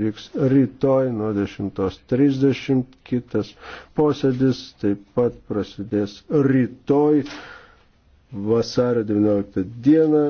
vyks rytoj nuo 10.30, kitas posėdis taip pat prasidės rytoj vasario 19 dieną.